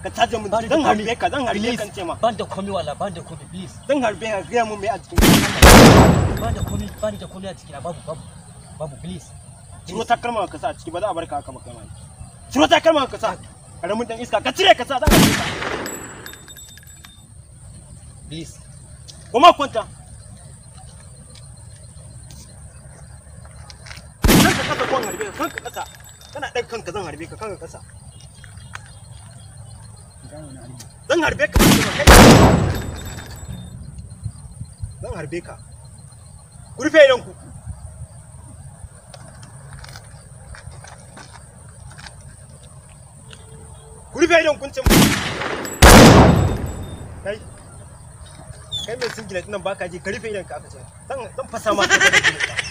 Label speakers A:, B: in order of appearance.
A: ka caje mun dan harbe ka dan harbe kan ce ma ban da komai wala ban da komai please dan harbe ka ga mun me a cikin ban da komai ban da komai a cikin babu babu babu please ciro takalma ka sa a ciki ba za a barka haka ba kai ma ciro takalma ka sa karamin dan iska ka cire ka sa za ka please kuma kwanta kanka kasa kon harbe ka kanka kasa kana dan kanka zan harbe ka kanka kasa zan harbe ka zan harbe ka ku rufe idanku ku rufe idankun cin kai kai mai singilet nan baka ji ka rufe idanka aka ce zan fasa ma ka